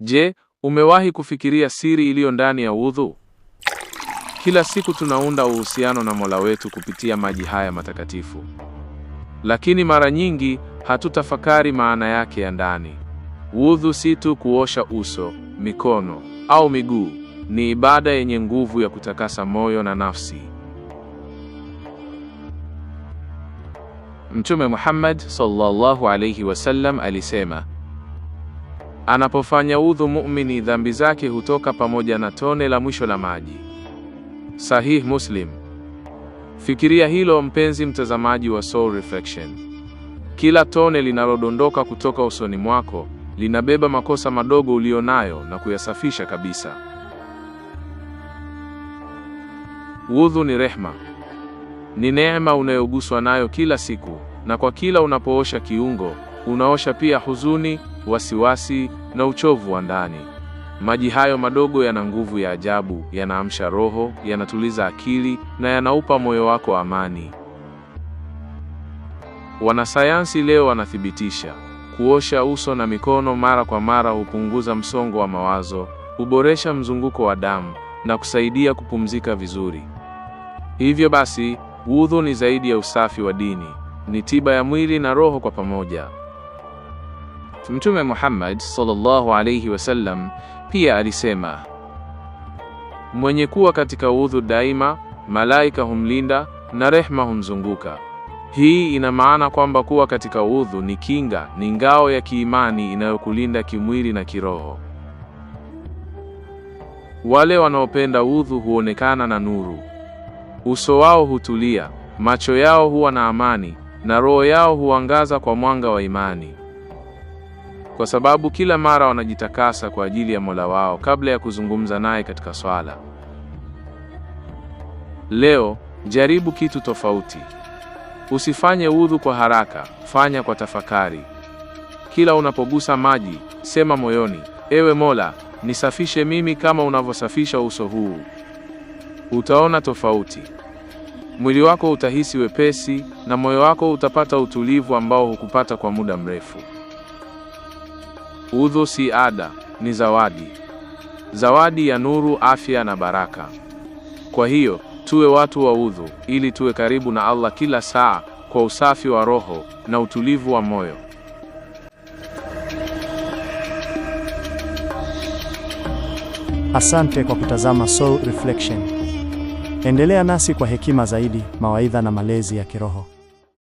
Je, umewahi kufikiria siri iliyo ndani ya udhu? Kila siku tunaunda uhusiano na Mola wetu kupitia maji haya matakatifu, lakini mara nyingi hatutafakari maana yake ya ndani. Udhu si tu kuosha uso, mikono au miguu, ni ibada yenye nguvu ya kutakasa moyo na nafsi. Mtume Muhammad sallallahu alayhi wasallam alisema Anapofanya udhu muumini, dhambi zake hutoka pamoja na tone la mwisho la maji. Sahih Muslim. Fikiria hilo mpenzi mtazamaji wa Soul Reflection. Kila tone linalodondoka kutoka usoni mwako linabeba makosa madogo ulionayo na kuyasafisha kabisa. Wudhu ni rehma, ni neema unayoguswa nayo kila siku, na kwa kila unapoosha kiungo unaosha pia huzuni, wasiwasi na uchovu wa ndani. Maji hayo madogo yana nguvu ya ajabu, yanaamsha roho, yanatuliza akili na yanaupa moyo wako amani. Wanasayansi leo wanathibitisha kuosha uso na mikono mara kwa mara hupunguza msongo wa mawazo, huboresha mzunguko wa damu na kusaidia kupumzika vizuri. Hivyo basi, wudhu ni zaidi ya usafi wa dini, ni tiba ya mwili na roho kwa pamoja. Mtume Muhammad sallallahu alayhi wasallam pia alisema, mwenye kuwa katika udhu daima, malaika humlinda na rehma humzunguka. Hii ina maana kwamba kuwa katika udhu ni kinga, ni ngao ya kiimani inayokulinda kimwili na kiroho. Wale wanaopenda udhu huonekana na nuru, uso wao hutulia, macho yao huwa na amani, na roho yao huangaza kwa mwanga wa imani kwa sababu kila mara wanajitakasa kwa ajili ya Mola wao kabla ya kuzungumza naye katika swala. Leo jaribu kitu tofauti. Usifanye udhu kwa haraka, fanya kwa tafakari. Kila unapogusa maji, sema moyoni, ewe Mola, nisafishe mimi kama unavyosafisha uso huu. Utaona tofauti. Mwili wako utahisi wepesi na moyo wako utapata utulivu ambao hukupata kwa muda mrefu. Udhu si ada, ni zawadi, zawadi ya nuru, afya na baraka. Kwa hiyo tuwe watu wa udhu, ili tuwe karibu na Allah kila saa kwa usafi wa roho na utulivu wa moyo. Asante kwa kutazama Soul Reflection. Endelea nasi kwa hekima zaidi, mawaidha na malezi ya kiroho.